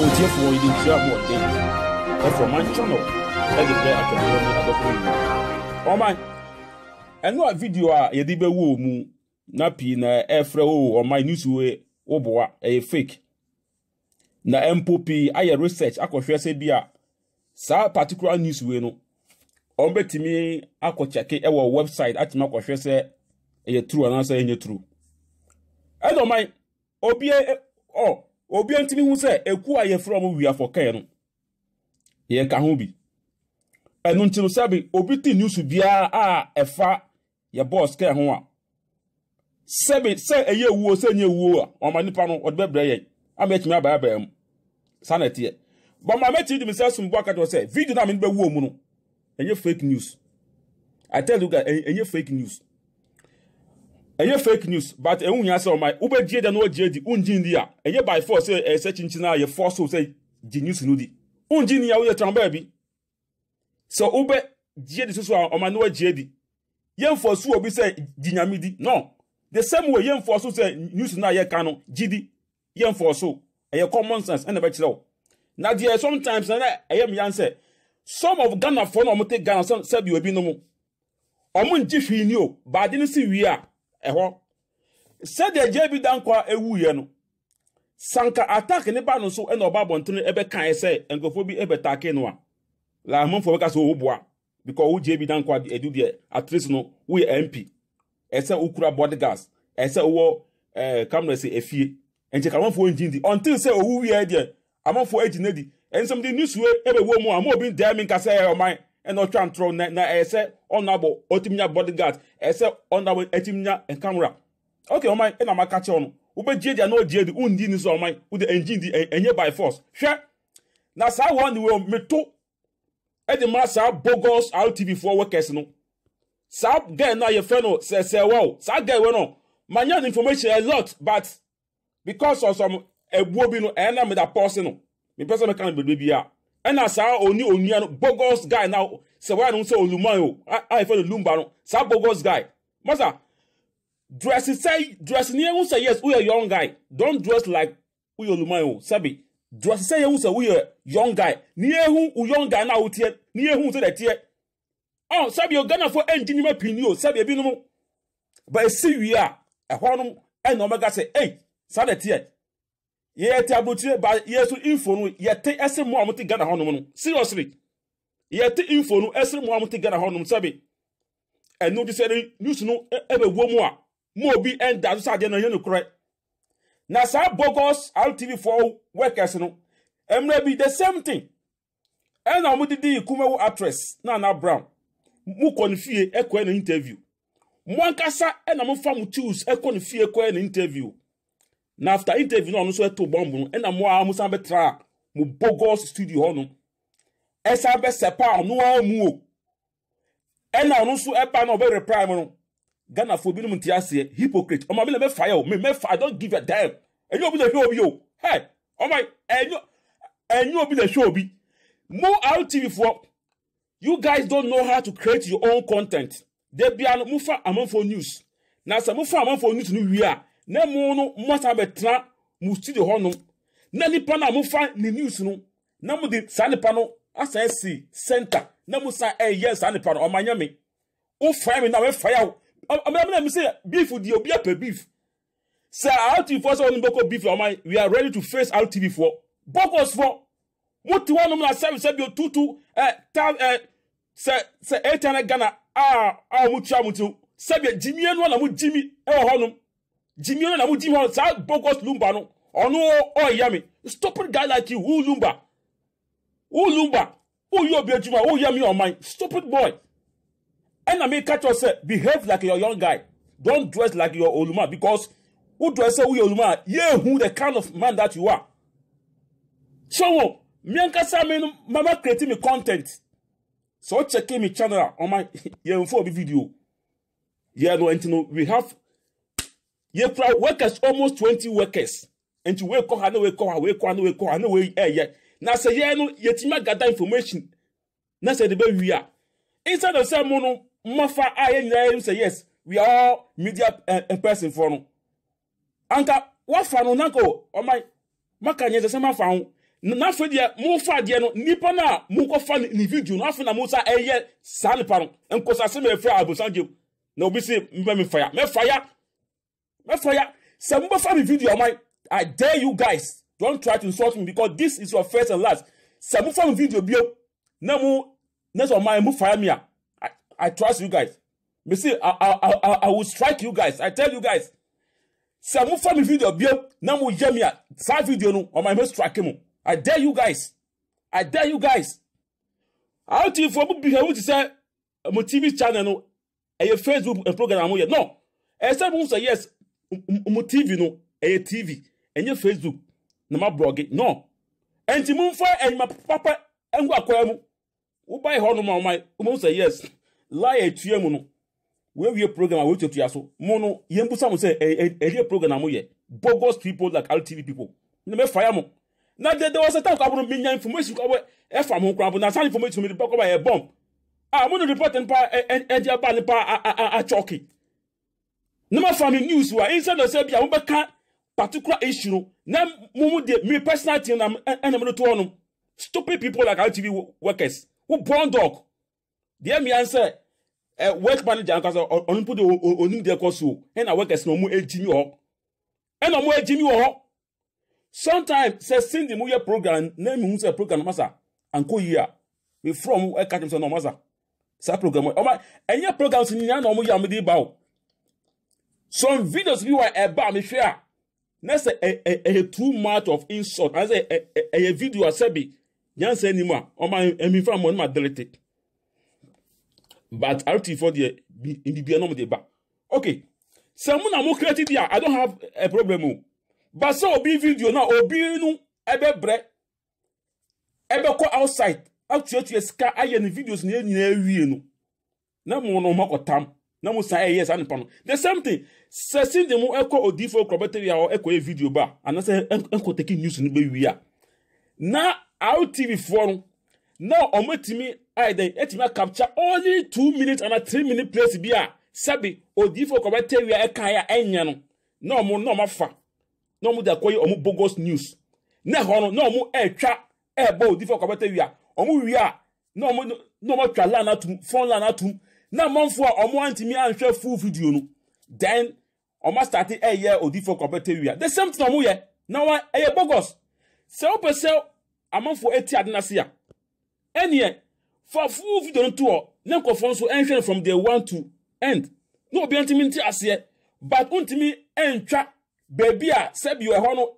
gye otiefoɔ yi de ntua ahoɔden ɛfɔ mankyɛ no ɛde brɛ atwamfoɔ ne adɔfoɔ oh my a video a mu na pii na ɛfrɛ o ɔman news fake na eh, mpo ah, research ah, particular news no ah, eh, website true eh, true obi ntumi hu sɛ ekuo a yɛfrɛ ɔmo wia fɔ kɛɛ no yɛka ho bi ɛnu nti no sɛbi obi ti news biara a ɛfa yɛ bɔs kɛɛ ho a sɛbi sɛ ɛyɛ ewuo sɛ ɛnyɛ ewuo a ɔmo nipa no ɔde bɛbrɛ yɛn ama ɛtumi abaabaa mu saa na ɛteɛ bɔn maame ti di mi sɛ sumbu akadɔ sɛ video naa mi bɛ wuo mu no ɛnyɛ fake news i tell you guys ɛnyɛ fake news ɛyɛ fake news but ɛhu nya sɛ ɔman wobɛgye deɛ na wɔgye di wongye ndi a ɛyɛ by force sɛ ɛsɛ kyinkyin a yɛ force sɛ gye news no di wongye ni a woyɛ trambaa bi sɛ wobɛgye di soso a ɔman na wɔgye di yɛmfɔ so obi sɛ gye nyame di no the same way yɛmfɔ so sɛ news no a yɛka no gye di yɛmfɔ so ɛyɛ common sense ɛna ɛbɛkyerɛ wo na deɛ eh, sometimes na ɛyɛ mmea sɛ some of ghanafoɔ na wɔn te ghana sɛbi obi no mu wɔn ngye hwii ni o baade no si wie a ɛhɔ sɛdeɛ gye bi da nkwa ewuiɛ no sanka attack ne ba no so ɛna ɔba abɔnten ɛbɛkae sɛ nkurɔfoɔ bi ɛbɛtaake no a laamanfoɔ bɛka sɛ ɔwɔ boa because wo gye bi da nkwa edu deɛ at least no woyɛ mp ɛsɛ okura bodyguards ɛsɛ ɔwɔ ɛɛ kamara sɛ eh, efie nkyɛn kamanfoɔ ngyin di until sɛ owu wiɛ deɛ amanfoɔ egyin edi nsɛm de nisue ɛbɛwɔ mu a mo obi dɛɛ mi nkasa ɛyɛ ɔman ɛna ɔtwa ntorɔ na na ɛyɛ sɛ ɔno abɔ ɔtumi nya bodyguard ɛyɛ sɛ ɔno abɔ ɛtumi nya nkamra okay ɔman ɛna ama kakyɛ ɔno wobɛgyie deɛ na ɔgyie de wundi ni so ɔman wode engine di ɛnyɛ by force hwɛ na saa wɔn de wɔn meto ɛde ma saa bogus rtv foɔ workers no saa guy no a yɛfrɛ no sɛsɛwɔ saa guy wɔ no manya no information a lot but because of some ɛbuo bi no ɛyɛ na meda pɔɔse no mepɛ sɛ mɛka no bebree bi a ɛna saa oni onua no bogus guy na sɛ wɔyɛ no sɛ oluman o a yɛfɛ no lumba no saa bogus guy masa dress sɛ dress ni ehu sɛ yes woyɛ young guy don dress like woyɛ oluman o sabi dress sɛ ehu sɛ woyɛ young guy ni ehu wo young guy na wo teɛ ni ehu sɛ dɛ teɛ ɔn oh, sabi o ghana fo ɛn gyinima pii ni o sabi ebinom ba esi wie a ɛhɔ nom ɛna ɔmɛga sɛ ɛy sa dɛ teɛ yɛte abotire ba yɛso info no yɛte ɛse mmoa mo te no seriously yɛte info no mmoa mo te a ma e, obi ɛnda so sɛ adeɛ na saa bogus rtv for workers no mmerɛ bi the same thing ɛna wɔn didi kumawo actress nana brown mo kɔ ne fie ɛkɔɛ interview mo ankasa ɛna mo fa mo ɛkɔ na after interview náà ɔno nso ɛto bɔmbu no ɛna mo a mo san bɛtra mo bogos studio hɔ no ɛsan bɛsɛpa ɔno a mu o ɛna ɔno nso ɛba na ɔbɛ reply mo no ghana fo binom ti aseɛ hypocrite ɔmo abɛlɛ mɛfa yɛ o mɛ mɛfa i don't give a damn ɛnyɛ obi na ehwɛ obi o hɛ ɔmo ɛnyɛ ɛnyɛ obi na ehwɛ obi mo rtv foɔ you guys don't know how to create your own content debi ano mo fa amanfo news na sɛ mo fa amanfo news no wie a na mu no mmasa bɛtena mu studio hɔnom na nipa no a mofa ne news no na mo de saa nipa no asan asi center na mo san ɛyɛ saa nipa no ɔma nyɛ me wofaya me na wɔfaya wo ɔmɛdɛm na mi sɛ beef di obi apɛ beef sɛ rtv fo sɛ wɔn bɔkɔ beef ɔman we are ready to face rtv fo bɔkɔs fo mo te hɔnom na sɛ sɛ bi otutu ɛ ta ɛ sɛ sɛ eight hundred ghana a a wɔn mo tua mo ti sɛbi jimie no na mo jimi ɛwɔ hɔnom jimmy onana mu jimmy onana saa bogus lumba no ɔno ɔyɛ me stupid guy like you who lumba who lumba who yɛ obi adwuma who yɛ me ɔman stupid boy ɛna mi ka kyerɛ sɛ behave like your young guy don dress like your oluma because who dress sɛ who yɛ oluma yɛ ehu the kind of man that you are So, sɔwɔ miankasa mi no mama create mi content So check ke mi channel a ɔman yɛn fo obi video yɛ no nti no we have yɛkura workers almost twenty workers nti weekɔ ha na weekɔ ha weekɔ ha na weekɔ ha na weeyɛ na sɛ yɛn no eh, yɛtumi agada information na sɛ de bɛ wi a instead of sɛ mo no mmafa a ah, yɛn nyinaa yɛn sɛ yes we are all media uh, person for no anka wafa no nanka o ɔman maka nyɛ sɛ sɛ mafa ho n'afɛ deɛ mofa deɛ no nipa no a mokɔfa ne video no afei na mo sa ɛyɛ saa nipa no nkɔsasɛm a yɛfrɛ abosan gyem na obi se mbɛ mi fa ya mɛ fa ya mɛfa ya sɛ mobɛfa me video ɔman i dare you guys don't try to insult me because this is your first and last sɛ mofa me video bio na mo na sɛ ɔman mo fire me a i i trust you guys me see, i i i i will strike you guys i tell you guys sɛ mofa me video bio na mo yɛ me a saa video no ɔman mo strike mo i dare you guys i dare you guys awotirifoɔ mo bi hɛ mo ti sɛ mo tv channel no ɛyɛ facebook program a mo yɛ no ɛsɛ mo sɛ yes m tv no ɛyɛ tv ɛnyɛ facebook na ma gị no ɛnti m nfa enyima papa ɛngu akɔya ụba ihe a yes laa etua mu no wɔawie program a ya so mụ no yɛn busa m sɛ ɛyɛ program a mụ bogus people like rtv people na mɛ ya na de de wɔsɛ tanko abono nya information kɔ ɛfa mo nkura na saa information mi de a mụ na ma fa news wa instead of say bi a mo bɛka particular issue no na mo mo de mi personal thing na ɛna mo de to hɔ stupid people like our tv workers wo born dog deɛ mi ansɛ ɛ work manager nkasa ɔno po de onim deɛ kɔ so ɛna workers eh, na ɔmo ejimi wɔ ɛna ɔmo ejimi wɔ hɔ sometimes sɛ sindi mo yɛ program na mi hu sɛ program masa anko yi a mi fura ɔmo ɛka kyerɛ sɛ ɔmo masa saa program ɔmo oh, ɛnyɛ eh, program si nyinaa na ɔmo yɛ ɔmo de ba o some videos bi wɔ ɛba a mehwɛ a na sɛ ɛyɛ too much of insult anasɛ ɛyɛ video a sɛbi nyansa anim a ɔma mmifra mmɔ no ma delete but rtfoɔ deɛ bibia nom de ba okay sɛ mo na mo create deɛ i don't have a problem o but sɛ obi video na obi no ɛbɛbrɛ ɛbɛkɔ outside atuatua sika ayɛ ne videos na yɛ nyinaa awie no na mo no ɔma kɔ tam na mo saa ɛyɛ eh, saa nipa no the same thing sɛ sindi mu ɛkɔ odiifo kurɔbɛtɛri a ɔ ɛkɔ yɛ video ba anasɛ ɛkɔ teki news no bɛ wia na rtv foɔ no na ɔmo etimi ayɛ dɛ etimi akapcha only two minutes and a three minute place bi a sɛbi odiifo kurɔbɛtɛri a ɛka yɛ a ɛnya no na ɔmo na ɔmo afa na ɔmo de akɔ yɛ ɔmo bogus news na ɛhɔ no na ɔmo ɛɛtwa ɛɛbɔ odiifo kurɔbɛtɛri a ɔmo wia na ɔmo na ɔmo atwa line atum phone line atum na amanfo a ɔmo antumi anhwɛ full video no then ɔmo asate ɛyɛ odifo kɔpɛtɛwia the same thing ɔmo yɛ na wa ɛyɛ e bogus sɛ wopɛ sɛ amanfo eti ade n'ase a ɛniɛ e fa full video no to hɔ na nkɔfoɔ nso ɛnhwɛ no from day one to end na obi antumi nti aseɛ but ntumi ɛntwa beebi a sɛbi ɛhɔ e no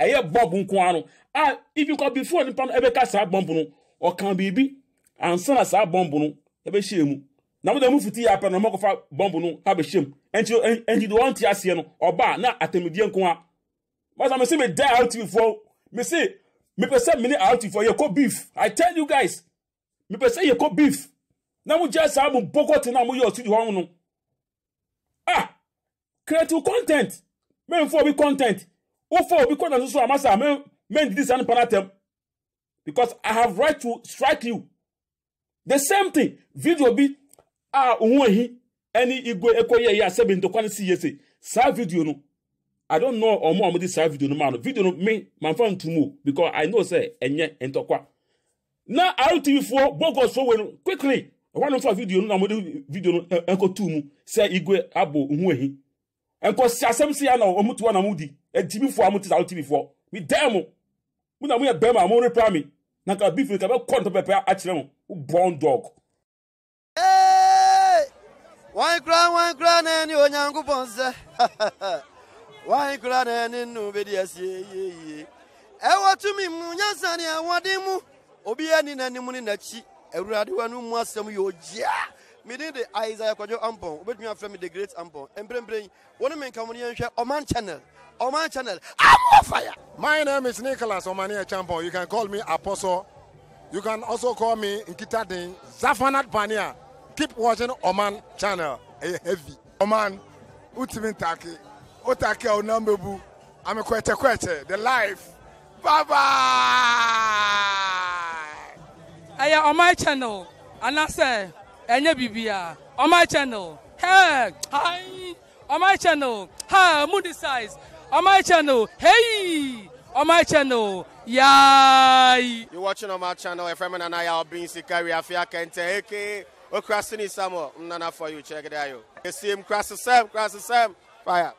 ɛyɛ bɔb nko ano a even kɔ before nipa no ɛbɛka saa bɔmbu no ɔkan biribi ansa saa bɔmbu no ɛbɛhyɛ mu na mo da mu fiti apa na ɔmɔkɔfa bɔmbu no abɛhyɛm ɛnti ɛnti de wɔn te aseɛ no ɔbaa na atamidie nko a basa mesi mi da rtv foɔ mesi mepɛ sɛ mene rtv foɔ beef i tell you guys mepɛ sɛ yɛkɔ beef na mo gya saa mo bɔkɔte na mo yɛ ɔsi di hɔn ah creative content mɛnfo obi content wofo obi kɔ na soso amasa mɛ mɛndidi saa nipa n'atɛm because i have right to strike you the same thing video bi. a onweghị eni igwe ekweghị eyi asebi ndokwana ya ese saa vidio nu i don't know ọmụ ọmụ dị saa vidiyo nu manu vidiyo nu mi ma nfa ntumu because i know say enye ntọkwa na rtv fo bogus fo wenu quickly wanu fa vidio nu na ọmụ vidiyo nu e, enko tumu sị igwe abụ onweghị enko si asem si ya na ọmụtụwa na mụ di etimi fo amụ rtv fo mi dee mụ mụ na mụ ya bee ma mụ repra mi na nka bifiri ka bɛ kɔ ntọ pɛpɛ akyerɛ mụ bɔn dɔg. nwanyị kura nwanyị kura na-enye onye ngwụpọ nse nwanyị kura na-enye nna obedi ya si eyi eyi ewa tumi mu nyansa ni ewa di mu obi ya ni na ni mu ni na chi ewurade wa no mu asɛm yɛ ogyea mede de isaia kwadwo the great ampɔn mprɛmprɛ yi wo ne menka mo no yɛnhwɛ channel ɔman channel amɔ fire my name is nicholas ɔmane champɔn you can call me apostle you can also call me nkitaden zafanat bania keep watching Oman channel. Ɛyɛ eh, heavy. Oman, wotumi ntaake, otaake a onam bebu, ame kwɛkyɛkwɛkyɛ, the life. Bye bye. Ɛyɛ Oman channel, anasɛ ɛnyɛ bibia. Oman channel, hey, hi. Oman channel, hi, moody size. Oman channel, hey. on my channel. Yay! You're watching on my channel, FM and I are being Sikari Afia Kente, aka Crossing Okrasini Samuel, Nana for you, check it out. You see him cross the same, cross the same, fire.